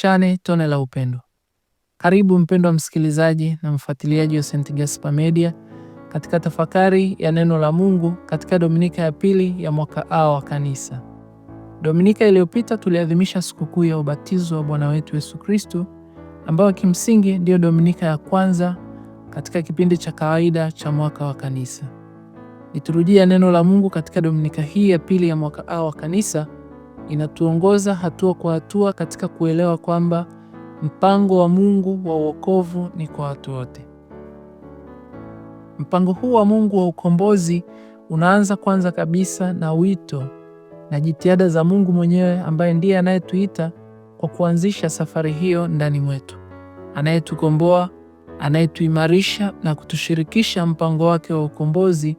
tushane tone la upendo. Karibu mpendwa msikilizaji na mfuatiliaji wa St. Gaspar Media katika tafakari ya neno la Mungu katika Dominika ya pili ya mwaka A wa Kanisa. Dominika iliyopita tuliadhimisha sikukuu ya ubatizo wa Bwana wetu Yesu Kristo, ambayo kimsingi ndiyo Dominika ya kwanza katika kipindi cha kawaida cha mwaka wa Kanisa. Liturujia neno la Mungu katika Dominika hii ya pili ya mwaka A wa Kanisa inatuongoza hatua kwa hatua katika kuelewa kwamba mpango wa Mungu wa wokovu ni kwa watu wote. Mpango huu wa Mungu wa ukombozi unaanza kwanza kabisa na wito na jitihada za Mungu mwenyewe ambaye ndiye anayetuita kwa kuanzisha safari hiyo ndani mwetu, anayetukomboa, anayetuimarisha na kutushirikisha mpango wake wa ukombozi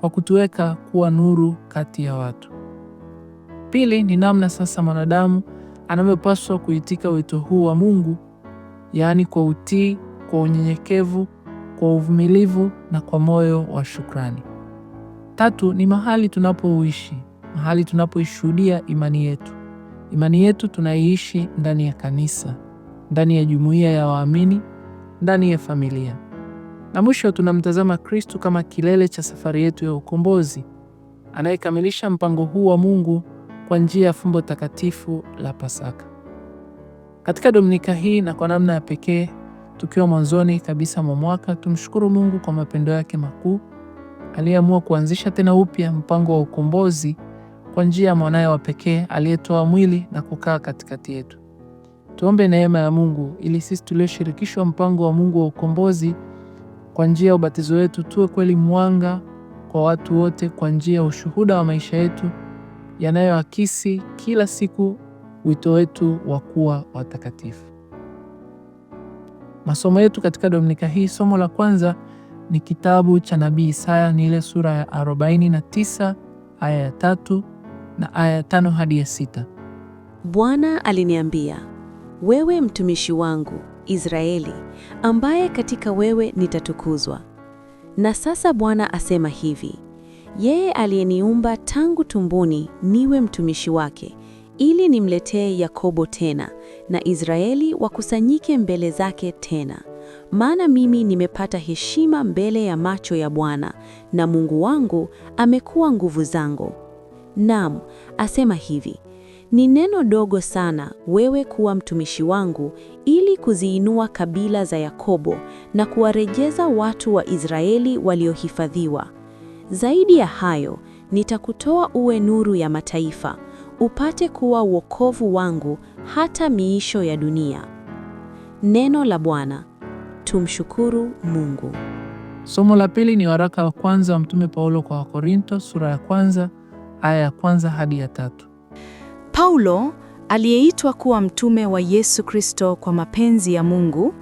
kwa kutuweka kuwa nuru kati ya watu. Pili ni namna sasa mwanadamu anavyopaswa kuitika wito huu wa Mungu, yaani kwa utii, kwa unyenyekevu, kwa uvumilivu na kwa moyo wa shukrani. Tatu ni mahali tunapoishi, mahali tunapoishuhudia imani yetu. Imani yetu tunaiishi ndani ya kanisa, ndani ya jumuiya ya waamini, ndani ya familia. Na mwisho tunamtazama Kristu kama kilele cha safari yetu ya ukombozi, anayekamilisha mpango huu wa Mungu kwa njia ya fumbo takatifu la Pasaka. Katika Dominika hii na kwa namna ya pekee, tukiwa mwanzoni kabisa mwa mwaka, tumshukuru Mungu kwa mapendo yake makuu aliyeamua kuanzisha tena upya mpango wa ukombozi kwa njia ya mwanaye wa pekee aliyetoa mwili na kukaa katikati yetu. Tuombe neema ya Mungu ili sisi tulioshirikishwa mpango wa Mungu wa ukombozi kwa njia ya ubatizo wetu tuwe kweli mwanga kwa watu wote kwa njia ya ushuhuda wa maisha yetu yanayoakisi kila siku wito wetu wa kuwa watakatifu. Masomo yetu katika Dominika hii, somo la kwanza ni kitabu cha nabii Isaya, ni ile sura ya 49 aya ya tatu na aya ya tano hadi ya sita. Bwana aliniambia, wewe mtumishi wangu Israeli, ambaye katika wewe nitatukuzwa. Na sasa Bwana asema hivi, yeye aliyeniumba tangu tumboni niwe mtumishi wake, ili nimletee Yakobo tena na Israeli wakusanyike mbele zake tena, maana mimi nimepata heshima mbele ya macho ya Bwana, na Mungu wangu amekuwa nguvu zangu. Naam, asema hivi ni neno dogo sana wewe kuwa mtumishi wangu ili kuziinua kabila za Yakobo na kuwarejeza watu wa Israeli waliohifadhiwa, zaidi ya hayo, nitakutoa uwe nuru ya mataifa, upate kuwa wokovu wangu hata miisho ya dunia. Neno la Bwana. Tumshukuru Mungu. Somo la pili ni waraka wa kwanza wa Mtume Paulo kwa Wakorinto, sura ya kwanza aya ya kwanza hadi ya tatu. Paulo aliyeitwa kuwa mtume wa Yesu Kristo kwa mapenzi ya Mungu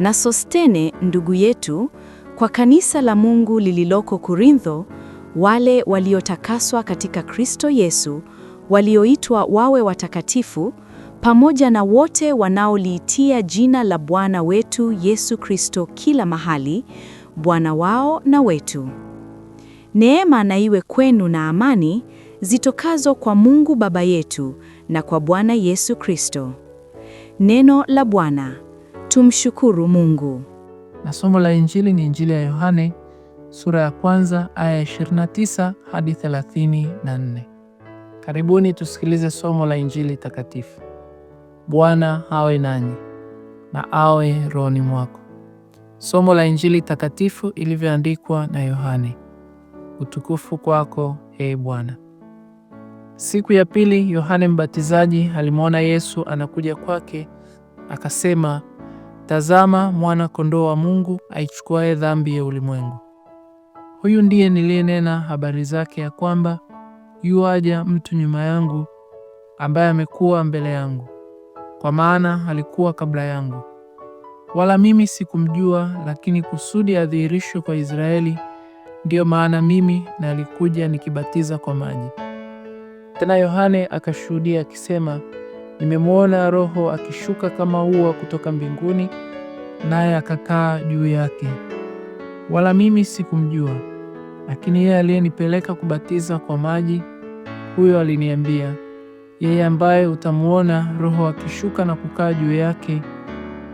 na Sostene ndugu yetu kwa kanisa la Mungu lililoko Korintho, wale waliotakaswa katika Kristo Yesu, walioitwa wawe watakatifu, pamoja na wote wanaoliitia jina la Bwana wetu Yesu Kristo kila mahali, Bwana wao na wetu. Neema na iwe kwenu na amani zitokazo kwa Mungu Baba yetu na kwa Bwana Yesu Kristo. Neno la Bwana. Tumshukuru Mungu na somo la Injili ni Injili ya Yohane sura ya kwanza aya 29 hadi 34. Karibuni tusikilize somo la Injili takatifu. Bwana awe nanyi na awe rohoni mwako. Somo la Injili takatifu ilivyoandikwa na Yohane. Utukufu kwako, e Bwana. Siku ya pili Yohane Mbatizaji alimwona Yesu anakuja kwake, akasema Tazama mwana-kondoo wa Mungu aichukuaye dhambi ya ulimwengu. Huyu ndiye niliyenena habari zake ya kwamba yuaja mtu nyuma yangu, ambaye amekuwa mbele yangu, kwa maana alikuwa kabla yangu. Wala mimi sikumjua, lakini kusudi adhihirishwe kwa Israeli, ndiyo maana mimi nalikuja nikibatiza kwa maji. Tena Yohane akashuhudia akisema Nimemwona Roho akishuka kama ua kutoka mbinguni, naye akakaa juu yake. Wala mimi sikumjua, lakini yeye aliyenipeleka kubatiza kwa maji, huyo aliniambia, yeye ambaye utamwona Roho akishuka na kukaa juu yake,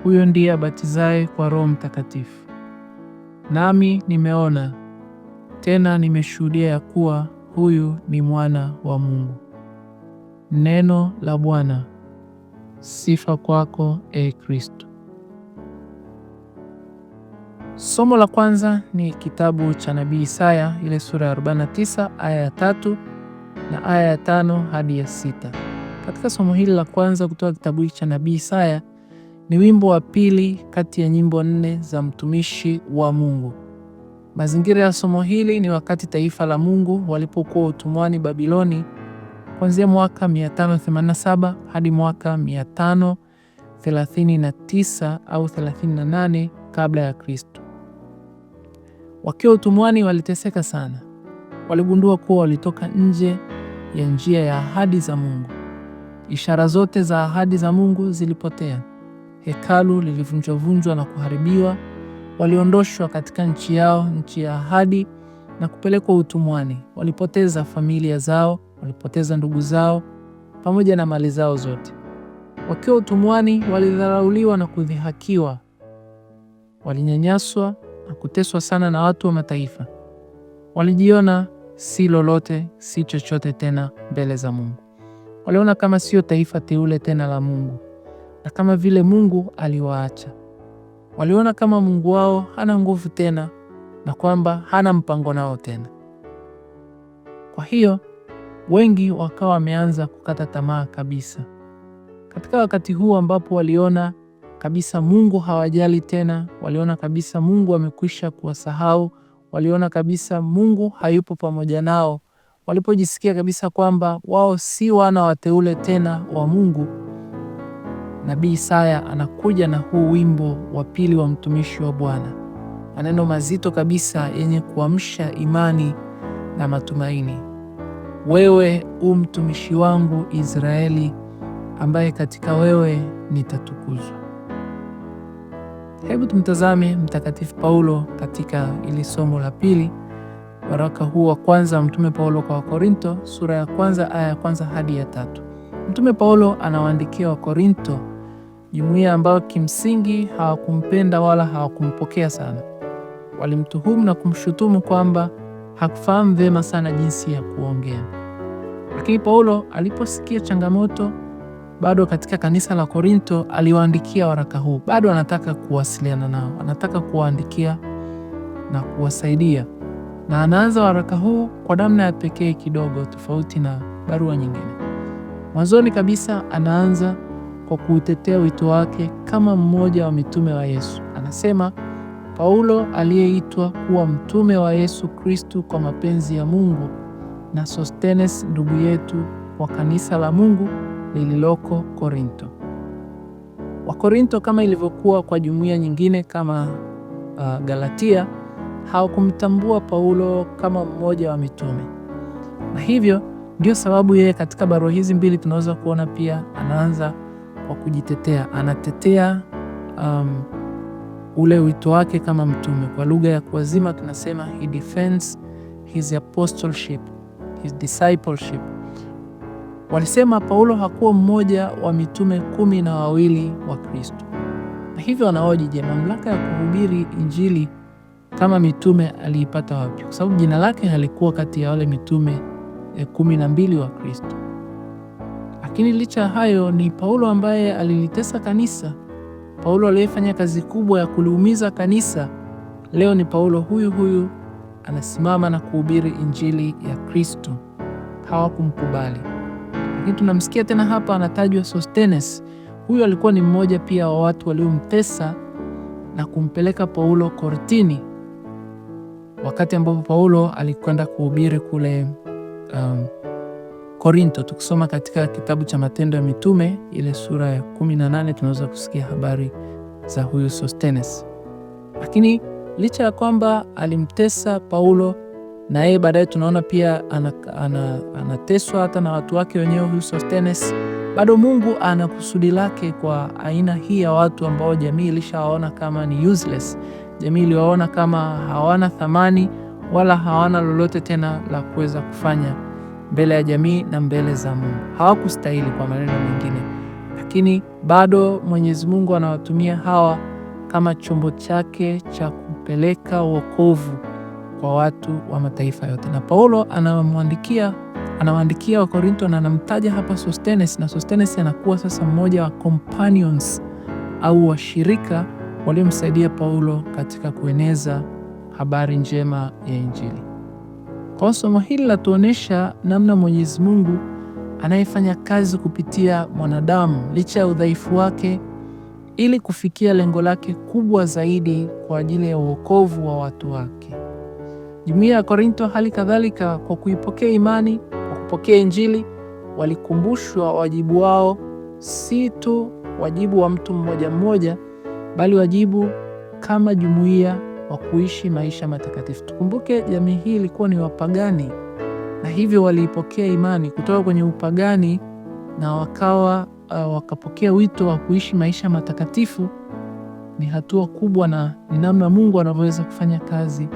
huyo ndiye abatizaye kwa Roho Mtakatifu. Nami nimeona tena nimeshuhudia ya kuwa huyu ni Mwana wa Mungu. Neno la Bwana. Sifa kwako e Kristo. Somo la kwanza ni kitabu cha nabii Isaya ile sura ya 49 aya ya 3 na aya ya 5 hadi ya sita. Katika somo hili la kwanza kutoka kitabu hiki cha nabii Isaya ni wimbo wa pili kati ya nyimbo nne za mtumishi wa Mungu. Mazingira ya somo hili ni wakati taifa la Mungu walipokuwa utumwani Babiloni kuanzia mwaka 587 hadi mwaka 539 au 38 kabla ya Kristo. Wakiwa utumwani waliteseka sana. Waligundua kuwa walitoka nje ya njia ya ahadi za Mungu. Ishara zote za ahadi za Mungu zilipotea. Hekalu lilivunjwavunjwa na kuharibiwa. Waliondoshwa katika nchi yao, nchi ya ahadi, na kupelekwa utumwani. Walipoteza familia zao, walipoteza ndugu zao pamoja na mali zao zote. Wakiwa utumwani, walidharauliwa na kudhihakiwa, walinyanyaswa na kuteswa sana na watu wa mataifa. Walijiona si lolote, si chochote tena mbele za Mungu. Waliona kama sio taifa teule tena la Mungu, na kama vile Mungu aliwaacha. Waliona kama Mungu wao hana nguvu tena na kwamba hana mpango nao tena. Kwa hiyo wengi wakawa wameanza kukata tamaa kabisa. Katika wakati huu ambapo waliona kabisa Mungu hawajali tena, waliona kabisa Mungu amekwisha kuwasahau, waliona kabisa Mungu hayupo pamoja nao, walipojisikia kabisa kwamba wao si wana wateule tena wa Mungu, Nabii Isaya anakuja na huu wimbo wa pili wa mtumishi wa Bwana, maneno mazito kabisa yenye kuamsha imani na matumaini wewe u mtumishi wangu Israeli, ambaye katika wewe nitatukuzwa. Hebu tumtazame Mtakatifu Paulo katika ili somo la pili, waraka huu wa kwanza Mtume Paulo kwa Wakorinto sura ya kwanza aya ya kwanza hadi ya tatu. Mtume Paulo anawaandikia Wakorinto, jumuiya ambayo kimsingi hawakumpenda wala hawakumpokea sana. Walimtuhumu na kumshutumu kwamba hakufahamu vyema sana jinsi ya kuongea. Lakini Paulo aliposikia changamoto bado katika kanisa la Korinto, aliwaandikia waraka huu. Bado anataka kuwasiliana nao, anataka kuwaandikia na kuwasaidia, na anaanza waraka huu kwa namna ya pekee kidogo, tofauti na barua nyingine. Mwanzoni kabisa anaanza kwa kuutetea wito wake kama mmoja wa mitume wa Yesu. Anasema Paulo aliyeitwa kuwa mtume wa Yesu Kristu kwa mapenzi ya Mungu na Sostenes ndugu yetu wa kanisa la Mungu lililoko Korinto. Wakorinto kama ilivyokuwa kwa jumuiya nyingine kama uh, Galatia hawakumtambua Paulo kama mmoja wa mitume, na hivyo ndio sababu yeye katika barua hizi mbili tunaweza kuona pia anaanza kwa kujitetea, anatetea um, ule wito wake kama mtume. Kwa lugha ya kuwazima tunasema he defends his apostleship, his discipleship. Walisema Paulo hakuwa mmoja wa mitume kumi na wawili wa Kristo, na hivyo wanaoji, je, mamlaka ya kuhubiri injili kama mitume aliipata wapi? Kwa sababu jina lake halikuwa kati ya wale mitume eh, kumi na mbili wa Kristo. Lakini licha ya hayo, ni Paulo ambaye alilitesa kanisa Paulo aliyefanya kazi kubwa ya kuliumiza kanisa, leo ni Paulo huyu huyu anasimama na kuhubiri injili ya Kristo. Hawakumkubali, lakini tunamsikia tena hapa anatajwa Sostenes. Huyu alikuwa ni mmoja pia wa watu waliomtesa na kumpeleka Paulo kortini, wakati ambapo Paulo alikwenda kuhubiri kule um, Korinto, tukisoma katika kitabu cha Matendo ya Mitume ile sura ya 18 tunaweza kusikia habari za huyu Sostenes. Lakini licha ya kwamba alimtesa Paulo na yeye baadaye tunaona pia anateswa ana, ana hata na watu wake wenyewe huyu Sostenes, bado Mungu ana kusudi lake kwa aina hii ya watu ambao jamii ilishawaona kama ni useless. Jamii iliwaona kama hawana thamani wala hawana lolote tena la kuweza kufanya mbele ya jamii na mbele za Mungu. Hawakustahili kwa maneno mengine, lakini bado Mwenyezi Mungu anawatumia hawa kama chombo chake cha kupeleka wokovu kwa watu wa mataifa yote. Na Paulo anamwandikia anawaandikia Wakorinto na anamtaja hapa Sostenes, na Sostenes anakuwa sasa mmoja wa companions au washirika waliomsaidia Paulo katika kueneza habari njema ya Injili. Kwa somo hili latuonyesha namna Mwenyezi Mungu anayefanya kazi kupitia mwanadamu licha ya udhaifu wake ili kufikia lengo lake kubwa zaidi kwa ajili ya uokovu wa watu wake. Jumuiya ya Korinto hali kadhalika, kwa kuipokea imani, kwa kupokea Injili, walikumbushwa wajibu wao, si tu wajibu wa mtu mmoja mmoja, bali wajibu kama jumuiya wa kuishi maisha matakatifu. Tukumbuke jamii hii ilikuwa ni wapagani, na hivyo waliipokea imani kutoka kwenye upagani na wakawa uh, wakapokea wito wa kuishi maisha matakatifu. Ni hatua kubwa na ni namna Mungu anavyoweza kufanya kazi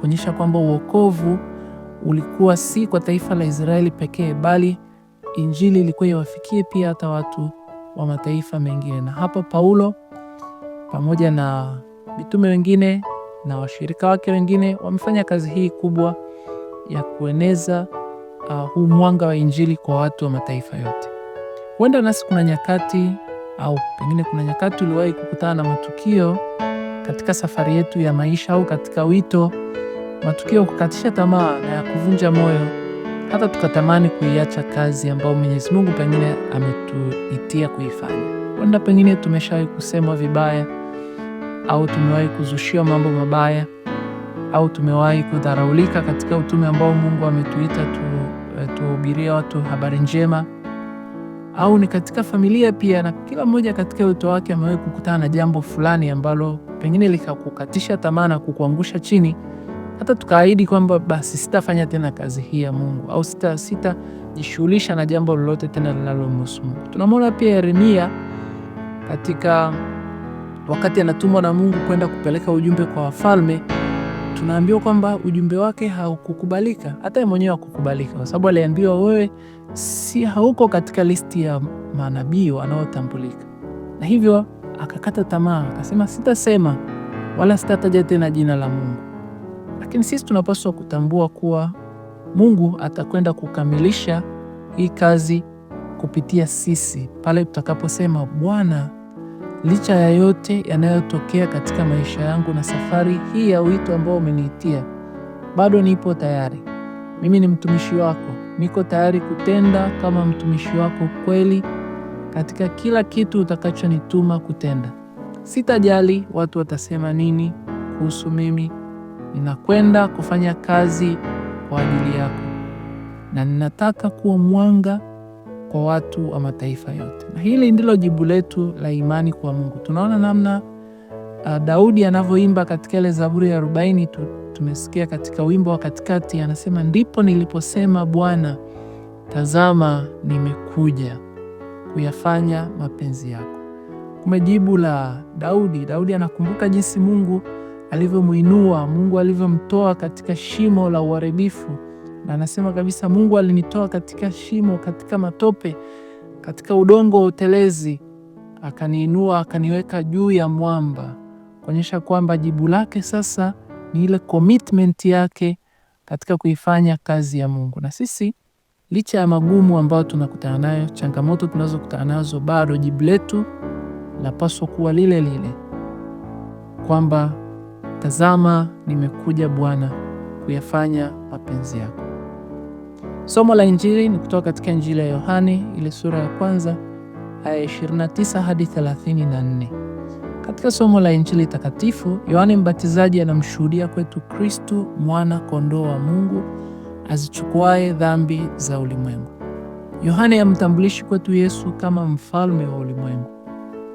kuonyesha kwamba uokovu ulikuwa si kwa taifa la Israeli pekee, bali injili ilikuwa iwafikie pia hata watu wa mataifa mengine. Na hapa Paulo pamoja na mitume wengine na washirika wake wengine wamefanya kazi hii kubwa ya kueneza uh, huu mwanga wa Injili kwa watu wa mataifa yote. Huenda nasi kuna nyakati au pengine kuna nyakati uliwahi kukutana na matukio katika safari yetu ya maisha au katika wito, matukio ya kukatisha tamaa na ya kuvunja moyo, hata tukatamani kuiacha kazi ambayo Mwenyezi Mungu pengine ametuitia kuifanya. Huenda pengine tumeshawahi kusemwa vibaya au tumewahi kuzushiwa mambo mabaya au tumewahi kudharaulika katika utume ambao Mungu ametuita tuwahubirie eh, watu habari njema, au ni katika familia pia, na kila mmoja katika wito wake amewahi kukutana na jambo fulani ambalo pengine likakukatisha tamaa na kukuangusha chini, hata tukaahidi kwamba basi sitafanya tena kazi hii ya Mungu au sita sitajishughulisha na jambo lolote tena linalomhusu Mungu. Tunamwona pia Yeremia katika wakati anatumwa na Mungu kwenda kupeleka ujumbe kwa wafalme, tunaambiwa kwamba ujumbe wake haukukubalika, hata yeye mwenyewe hakukubalika, kwa sababu aliambiwa, wewe si hauko katika listi ya manabii wanaotambulika, na hivyo akakata tamaa, akasema sitasema wala sitataja tena jina la Mungu. Lakini sisi tunapaswa kutambua kuwa Mungu atakwenda kukamilisha hii kazi kupitia sisi pale tutakaposema Bwana licha ya yote yanayotokea katika maisha yangu na safari hii ya wito ambao umeniitia, bado nipo tayari. Mimi ni mtumishi wako, niko tayari kutenda kama mtumishi wako kweli katika kila kitu utakachonituma kutenda. Sitajali watu watasema nini kuhusu mimi. Ninakwenda kufanya kazi kwa ajili yako, na ninataka kuwa mwanga kwa watu wa mataifa yote. Na hili ndilo jibu letu la imani kwa Mungu. Tunaona namna uh, Daudi anavyoimba katika ile Zaburi ya arobaini tu, tumesikia katika wimbo wa katikati, anasema ndipo niliposema Bwana, tazama nimekuja kuyafanya mapenzi yako. Kume jibu la Daudi. Daudi anakumbuka jinsi Mungu alivyomwinua, Mungu alivyomtoa katika shimo la uharibifu na anasema kabisa, Mungu alinitoa katika shimo, katika matope, katika udongo wa utelezi, akaniinua akaniweka juu ya mwamba, kuonyesha kwamba jibu lake sasa ni ile commitment yake katika kuifanya kazi ya Mungu. Na sisi licha ya magumu ambayo tunakutana nayo, changamoto tunazokutana nazo, bado jibu letu lapaswa kuwa lile lile, kwamba tazama, nimekuja Bwana kuyafanya mapenzi yako. Somo la Injili ni kutoka katika Injili ya Yohani ile sura ya kwanza aya 29 hadi 34. Katika somo la Injili takatifu, yohani Mbatizaji anamshuhudia kwetu Kristu mwana kondoo wa Mungu azichukuaye dhambi za ulimwengu. Yohane amtambulishi kwetu Yesu kama mfalme wa ulimwengu,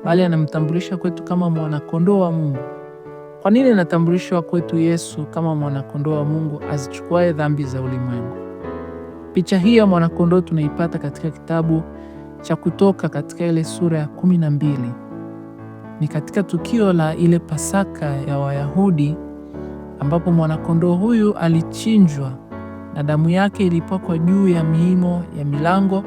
bali anamtambulisha kwetu kama mwanakondoo wa Mungu. Kwa nini anatambulishwa kwetu Yesu kama mwanakondoo wa Mungu azichukuaye dhambi za ulimwengu? Picha hii ya mwanakondoo tunaipata katika kitabu cha Kutoka katika ile sura ya kumi na mbili. Ni katika tukio la ile Pasaka ya Wayahudi ambapo mwanakondoo huyu alichinjwa na damu yake ilipakwa juu ya miimo ya milango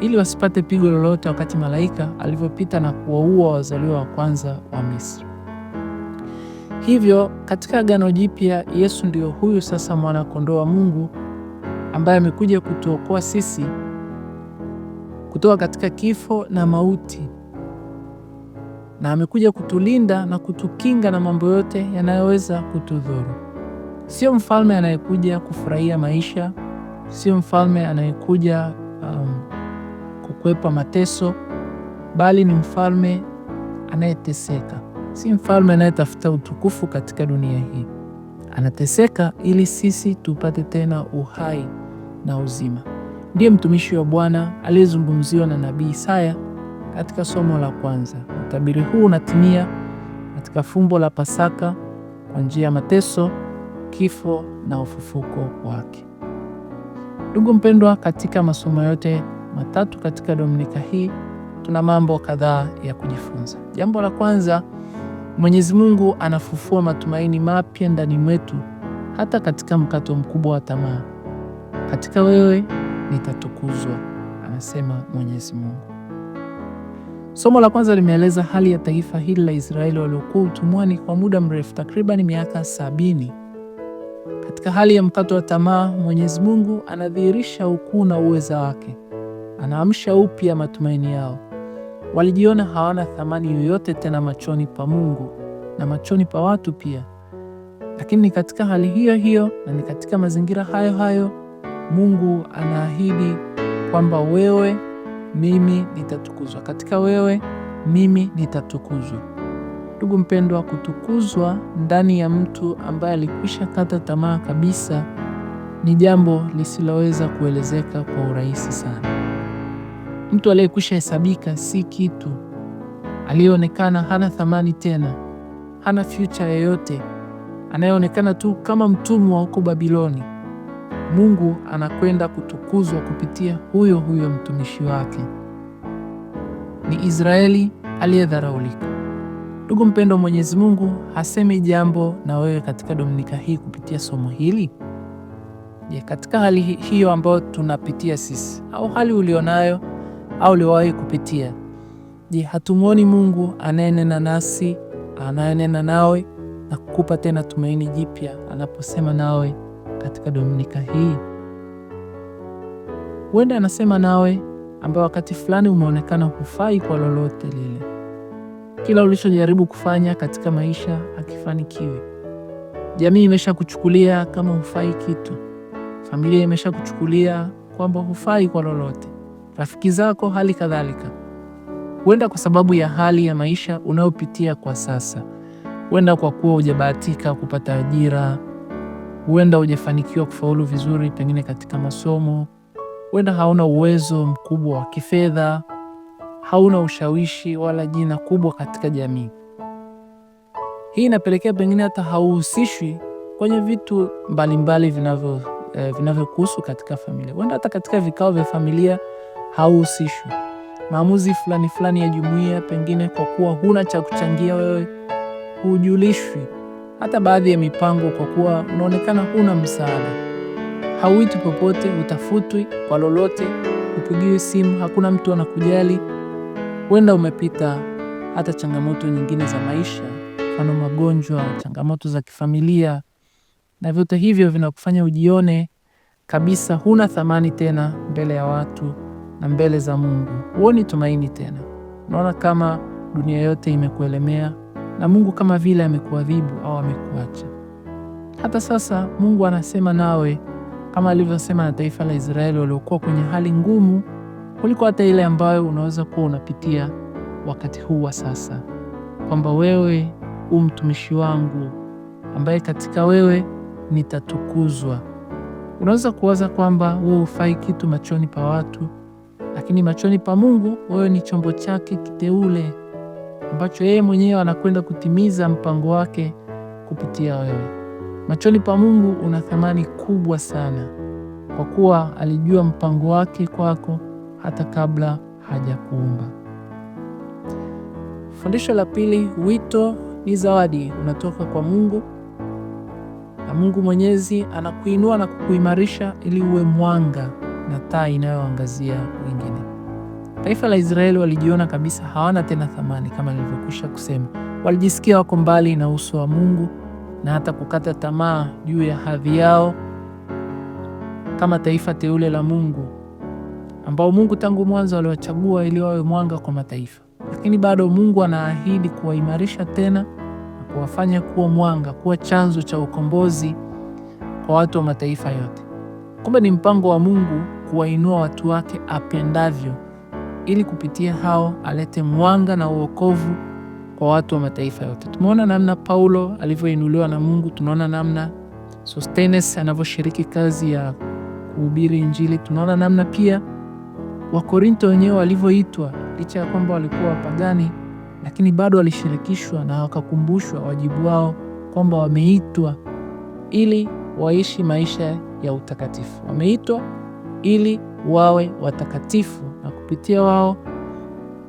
ili wasipate pigo lolote wakati malaika alivyopita na kuwaua wazaliwa wa kwanza wa Misri. Hivyo katika Agano Jipya Yesu ndiyo huyu sasa mwanakondoo wa Mungu ambaye amekuja kutuokoa sisi kutoka katika kifo na mauti, na amekuja kutulinda na kutukinga na mambo yote yanayoweza kutudhuru. Sio mfalme anayekuja kufurahia maisha, sio mfalme anayekuja um, kukwepa mateso, bali ni mfalme anayeteseka. Si mfalme anayetafuta utukufu katika dunia hii, anateseka ili sisi tupate tena uhai na uzima. Ndiye mtumishi wa Bwana aliyezungumziwa na nabii Isaya katika somo la kwanza. Utabiri huu unatimia katika fumbo la Pasaka kwa njia ya mateso, kifo na ufufuko wake. Ndugu mpendwa, katika masomo yote matatu katika Dominika hii tuna mambo kadhaa ya kujifunza. Jambo la kwanza, Mwenyezi Mungu anafufua matumaini mapya ndani mwetu hata katika mkato mkubwa wa tamaa katika wewe nitatukuzwa, anasema Mwenyezi Mungu. Somo la kwanza limeeleza hali ya taifa hili la Israeli waliokuwa utumwani kwa muda mrefu, takriban miaka sabini. Katika hali ya mkato wa tamaa, Mwenyezi Mungu anadhihirisha ukuu na uweza wake, anaamsha upya matumaini yao. Walijiona hawana thamani yoyote tena machoni pa Mungu na machoni pa watu pia. Lakini ni katika hali hiyo hiyo na ni katika mazingira hayo hayo Mungu anaahidi kwamba wewe, mimi nitatukuzwa, katika wewe, mimi nitatukuzwa. Ndugu mpendwa, kutukuzwa ndani ya mtu ambaye alikwisha kata tamaa kabisa ni jambo lisiloweza kuelezeka kwa urahisi sana. Mtu aliyekwisha hesabika si kitu, aliyeonekana hana thamani tena, hana future yoyote, anayeonekana tu kama mtumwa huko Babiloni Mungu anakwenda kutukuzwa kupitia huyo huyo mtumishi wake. Ni Israeli aliyedharaulika. Ndugu mpendo, Mwenyezi Mungu hasemi jambo na wewe katika dominika hii kupitia somo hili. Je, katika hali hiyo ambayo tunapitia sisi au hali ulionayo au uliowahi kupitia, je, hatumwoni Mungu anayenena nasi, anayenena nawe na kukupa tena tumaini jipya anaposema nawe katika dominika hii. Huenda anasema nawe ambaye wakati fulani umeonekana hufai kwa lolote lile. Kila ulichojaribu kufanya katika maisha hakifanikiwi. Jamii imeshakuchukulia kama hufai kitu. Familia imeshakuchukulia kwamba hufai kwa lolote, rafiki zako hali kadhalika. Huenda kwa sababu ya hali ya maisha unayopitia kwa sasa, huenda kwa kuwa hujabahatika kupata ajira Huenda hujafanikiwa kufaulu vizuri, pengine katika masomo, huenda hauna uwezo mkubwa wa kifedha, hauna ushawishi wala jina kubwa katika jamii. Hii inapelekea pengine hata hauhusishwi kwenye vitu mbalimbali vinavyokuhusu eh, vinavyokuhusu katika familia. Huenda hata katika vikao vya familia hauhusishwi, maamuzi fulani fulani ya jumuiya, pengine kwa kuwa huna cha kuchangia wewe, hujulishwi hata baadhi ya mipango, kwa kuwa unaonekana huna msaada. Hauitwi popote, utafutwi kwa lolote, upigiwe simu, hakuna mtu anakujali. Huenda umepita hata changamoto nyingine za maisha, mfano magonjwa, changamoto za kifamilia, na vyote hivyo vinakufanya ujione kabisa huna thamani tena mbele ya watu na mbele za Mungu. Huoni tumaini tena, unaona kama dunia yote imekuelemea na Mungu kama vile amekuadhibu au amekuacha. Hata sasa Mungu anasema nawe kama alivyosema na taifa la Israeli waliokuwa kwenye hali ngumu kuliko hata ile ambayo unaweza kuwa unapitia wakati huu wa sasa, kwamba wewe u mtumishi wangu ambaye katika wewe nitatukuzwa. Unaweza kuwaza kwamba wewe hufai kitu machoni pa watu, lakini machoni pa Mungu wewe ni chombo chake kiteule ambacho yeye mwenyewe anakwenda kutimiza mpango wake kupitia wewe. Machoni pa Mungu una thamani kubwa sana, kwa kuwa alijua mpango wake kwako hata kabla hajakuumba. Fundisho la pili: wito ni zawadi, unatoka kwa Mungu na Mungu Mwenyezi anakuinua na kukuimarisha ili uwe mwanga na taa inayoangazia wengine. Taifa la Israeli walijiona kabisa hawana tena thamani, kama nilivyokwisha kusema. Walijisikia wako mbali na uso wa Mungu na hata kukata tamaa juu ya hadhi yao kama taifa teule la Mungu, ambao Mungu tangu mwanzo aliwachagua ili wawe mwanga kwa mataifa. Lakini bado Mungu anaahidi kuwaimarisha tena na kuwafanya kuwa mwanga, kuwa chanzo cha ukombozi kwa watu wa mataifa yote. Kumbe ni mpango wa Mungu kuwainua watu wake apendavyo ili kupitia hao alete mwanga na uokovu kwa watu wa mataifa yote. Tumeona namna Paulo alivyoinuliwa na Mungu, tunaona namna Sostenes anavyoshiriki kazi ya kuhubiri Injili, tunaona namna pia Wakorinto wenyewe walivyoitwa, licha ya kwamba walikuwa wapagani, lakini bado walishirikishwa na wakakumbushwa wajibu wao kwamba wameitwa ili waishi maisha ya utakatifu, wameitwa ili wawe watakatifu kupitia wao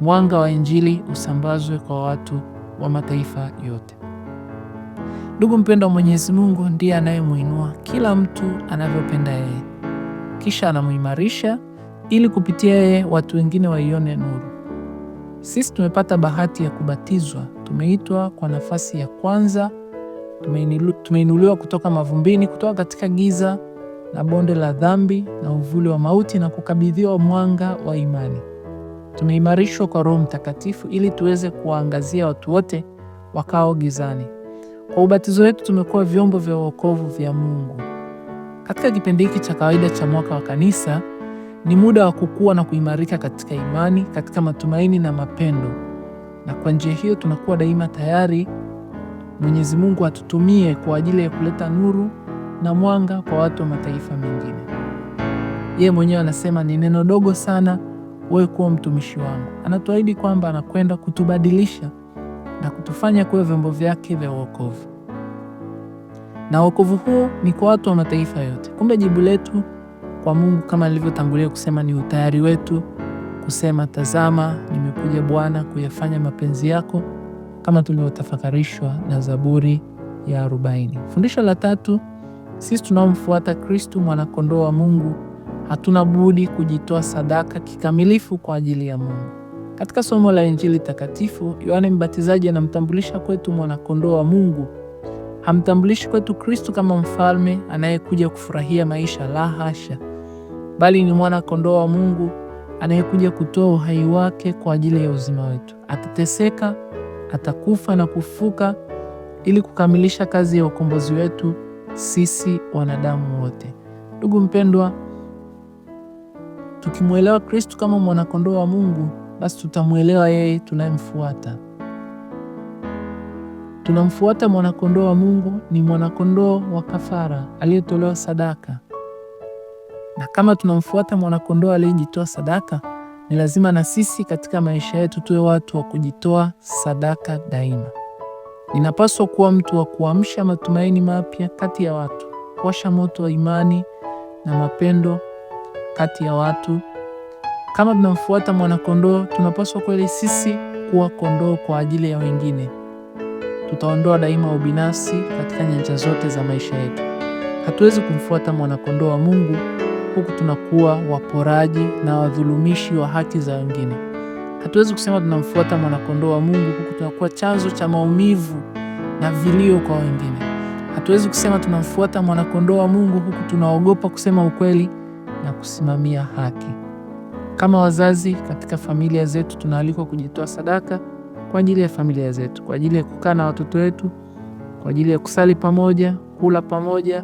mwanga wa Injili usambazwe kwa watu wa mataifa yote. Ndugu mpendwa, Mwenyezi Mungu ndiye anayemwinua kila mtu anavyopenda yeye, kisha anamuimarisha ili kupitia yeye watu wengine waione nuru. Sisi tumepata bahati ya kubatizwa, tumeitwa kwa nafasi ya kwanza, tumeinuliwa kutoka mavumbini, kutoka katika giza na bonde la dhambi na uvuli wa mauti na kukabidhiwa mwanga wa imani. Tumeimarishwa kwa Roho Mtakatifu ili tuweze kuwaangazia watu wote wakao gizani. Kwa ubatizo wetu tumekuwa vyombo vya wokovu vya Mungu. Katika kipindi hiki cha kawaida cha mwaka wa kanisa, ni muda wa kukua na kuimarika katika imani, katika matumaini na mapendo, na kwa njia hiyo tunakuwa daima tayari Mwenyezi Mungu atutumie kwa ajili ya kuleta nuru na mwanga kwa watu wa mataifa mengine. Yeye mwenyewe anasema ni neno dogo sana wewe kuwa mtumishi wangu. Anatuahidi kwamba anakwenda kutubadilisha na kutufanya kuwa vyombo vyake vya wokovu, na wokovu huo ni kwa watu wa mataifa yote. Kumbe jibu letu kwa Mungu kama alivyotangulia kusema ni utayari wetu kusema tazama, nimekuja Bwana, kuyafanya mapenzi yako, kama tulivyotafakarishwa na Zaburi ya arobaini. Fundisho la tatu sisi tunamfuata Kristu, mwanakondoo wa Mungu, hatuna budi kujitoa sadaka kikamilifu kwa ajili ya Mungu. Katika somo la Injili takatifu, Yohane Mbatizaji anamtambulisha kwetu mwanakondoo wa Mungu. Hamtambulishi kwetu Kristu kama mfalme anayekuja kufurahia maisha, la hasha, bali ni mwanakondoo wa Mungu anayekuja kutoa uhai wake kwa ajili ya uzima wetu. Atateseka, atakufa na kufuka ili kukamilisha kazi ya ukombozi wetu sisi wanadamu wote. Ndugu mpendwa, tukimwelewa Kristu kama mwanakondoo wa Mungu, basi tutamwelewa yeye tunayemfuata. Tunamfuata mwanakondoo wa Mungu, ni mwanakondoo wa kafara aliyetolewa sadaka. Na kama tunamfuata mwanakondoo aliyejitoa sadaka, ni lazima na sisi katika maisha yetu tuwe watu wa kujitoa sadaka daima. Ninapaswa kuwa mtu wa kuamsha matumaini mapya kati ya watu, kuwasha moto wa imani na mapendo kati ya watu. Kama tunamfuata mwanakondoo, tunapaswa kweli sisi kuwa kondoo kwa ajili ya wengine. Tutaondoa daima ubinafsi katika nyanja zote za maisha yetu. Hatuwezi kumfuata mwanakondoo wa Mungu huku tunakuwa waporaji na wadhulumishi wa haki za wengine. Hatuwezi kusema tunamfuata mwanakondoo wa Mungu huku tunakuwa chanzo cha maumivu na vilio kwa wengine. Hatuwezi kusema tunamfuata mwanakondoo wa Mungu huku tunaogopa kusema ukweli na kusimamia haki. Kama wazazi katika familia zetu, tunaalikwa kujitoa sadaka kwa ajili ya familia zetu, kwa ajili ya kukaa na watoto wetu, kwa ajili ya kusali pamoja, kula pamoja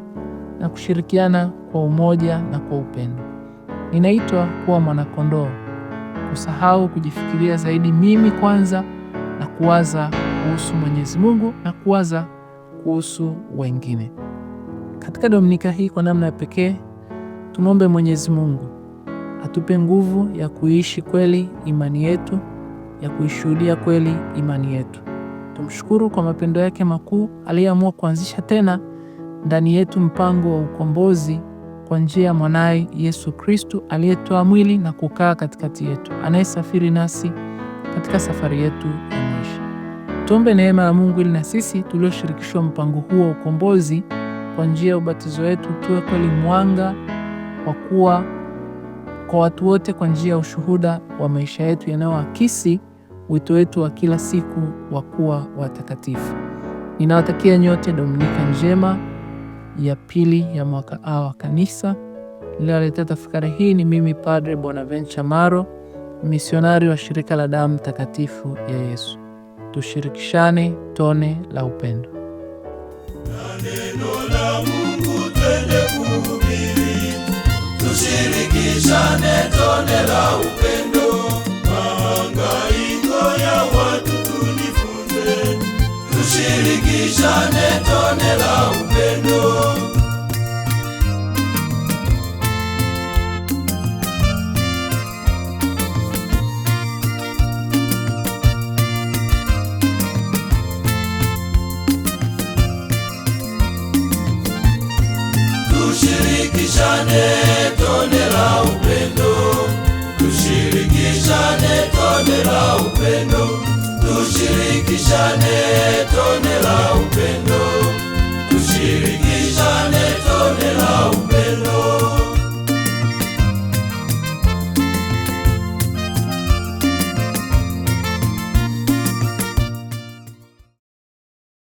na kushirikiana kwa umoja na kwa upendo. Ninaitwa kuwa mwanakondoo kusahau kujifikiria zaidi mimi kwanza na kuwaza kuhusu Mwenyezi Mungu na kuwaza kuhusu wengine. Katika Dominika hii kwa namna ya pekee tumwombe Mwenyezi Mungu atupe nguvu ya kuishi kweli imani yetu, ya kuishuhudia kweli imani yetu. Tumshukuru kwa mapendo yake makuu aliyeamua kuanzisha tena ndani yetu mpango wa ukombozi kwa njia ya mwanaye Yesu Kristu aliyetoa mwili na kukaa katikati yetu, anayesafiri nasi katika safari yetu ya maisha. Tuombe neema ya Mungu ili na sisi tulioshirikishwa mpango huo wa ukombozi kwa njia ya ubatizo wetu tuwe kweli mwanga wa kuwa kwa watu wote kwa njia ya ushuhuda wa maisha yetu yanayoakisi wito wetu wa kila siku wa kuwa watakatifu. Ninawatakia nyote Dominika njema ya pili ya mwaka A wa kanisa. Nilioletea tafakari hii ni mimi Padre Bonaventure Maro, misionari wa shirika la damu takatifu ya Yesu. Tushirikishane tone la upendo Tushirikishane tone la upendo. Tukishane tone la upendo Tushirikishane tone la upendo Tushirikishane tone la upendo Tushirikishane tone la upendo, tushirikishane tone la upendo.